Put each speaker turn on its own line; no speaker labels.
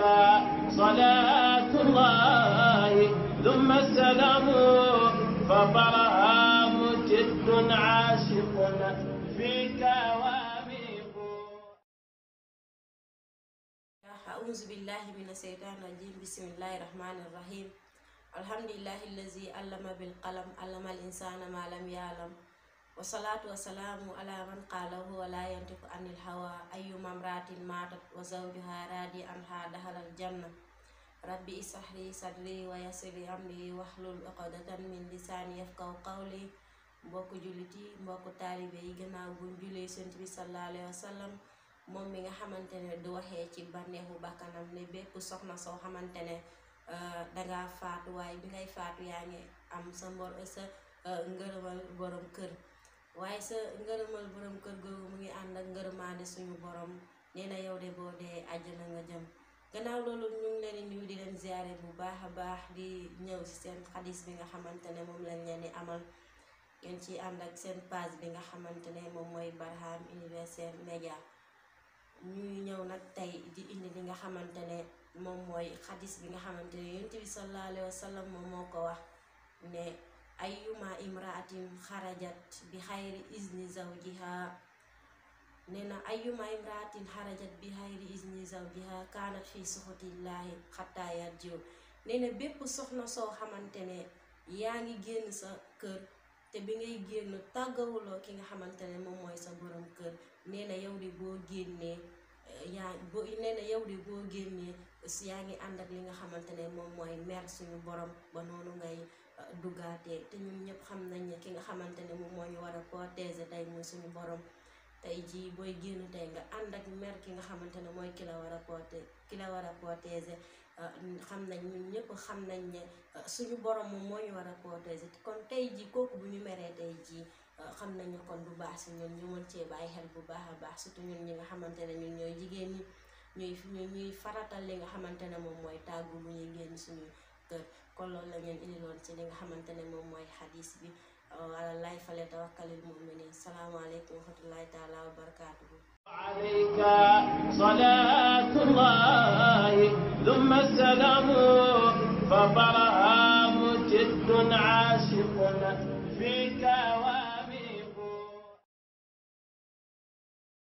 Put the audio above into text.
عليك صلاة الله ثم السلام فطرها مجد عاشق فيك واميق أعوذ بالله من الشيطان الرجيم بسم الله الرحمن الرحيم الحمد لله الذي علم بالقلم علم الإنسان ما لم يعلم والصلاة والسلام على من قاله ولا ينطق عن الهوى أي أيوة امرأة ماتت وزوجها رادي عن daxalal janna rabbi ishrah li sadri wa yassir li amri wahlul uqdatan min lisaani yafqahu qawli mbokk jullit yi mbokk taalibe yi gannaaw buñ julee sant bi sallallahu alayhi wa sallam moom mi nga xamante ne du waxee ci bànneexu bakkanam ne bépp soxna soo xamante ne euh, danga faatu waaye bi ngay faatu yaa ngi am sa mbor sa euh, ngërëmal borom kër waaye sa ngërëmal borom kër googu mu ngi ànd ak ngërëmaane suñu borom nee na yow de boo dee àjjana nga jëm gannaaw loolu ñu ngi leen di di leen ziare bu baax a baax di ñëw si seen xadis bi nga xamante ne moom lañ leen di amal ngeen ci ànd ak seen page bi nga xamante ne moom mooy Barham Universel Media ñuy ñëw nag tey di indi li nga xamante ne moom mooy xadis bi nga xamante ne yonent bi sallallahu alayhi moom moo ko wax ne ayyuma imraatin xarajat bi xayri izni zawjiha nee na ayuma imraatin xarajat bi xayri isni zawjiha kaanat fi suxutillaahi xattaa yarjiw nee na bépp soxna soo xamante ne yaa ngi génn sa kër te bi ngay génn tàggawuloo ki nga xamante ne moom mooy sa borom nee na yow de boo génnee yaa bo nee na yow yaa ngi ànd ak nga xamante ne moom mooy mer suñu borom ba noonu ngay uh, duggaatee te ñun ñëpp xam nañ ne ki nga xamante ne moom moo ñu war a protéger tey mooy suñu borom tey jii booy génn tey nga ànd ak mer ki nga xamante ne mooy ki la war a porté ki la war a protéger euh, xam nañ ñun ñëpp xam nañ ne euh, suñu borom moom moo ñu war a protéger kon tey jii kooku bu ñu meree tey jii euh, xam nañu kon bu baax si ñu mën cee bàyyi xel bu baax a baax surtout ñun ñi nga xamante ne ñu ñooy jigéen ñi ñuy ñuy faratal li nga xamante ne moom mooy tàggu bu ñuy génn suñu kër kon loolu la ngeen indiloon ci li nga xamante ne moom mooy xadis bi ala laay fale tawakkalil muminin salaamaaleykum wa rahmatullahi taala wa barakaatuhu alayka salaatullahi thumma salaamu fa barhaamu jiddun aashiqun fika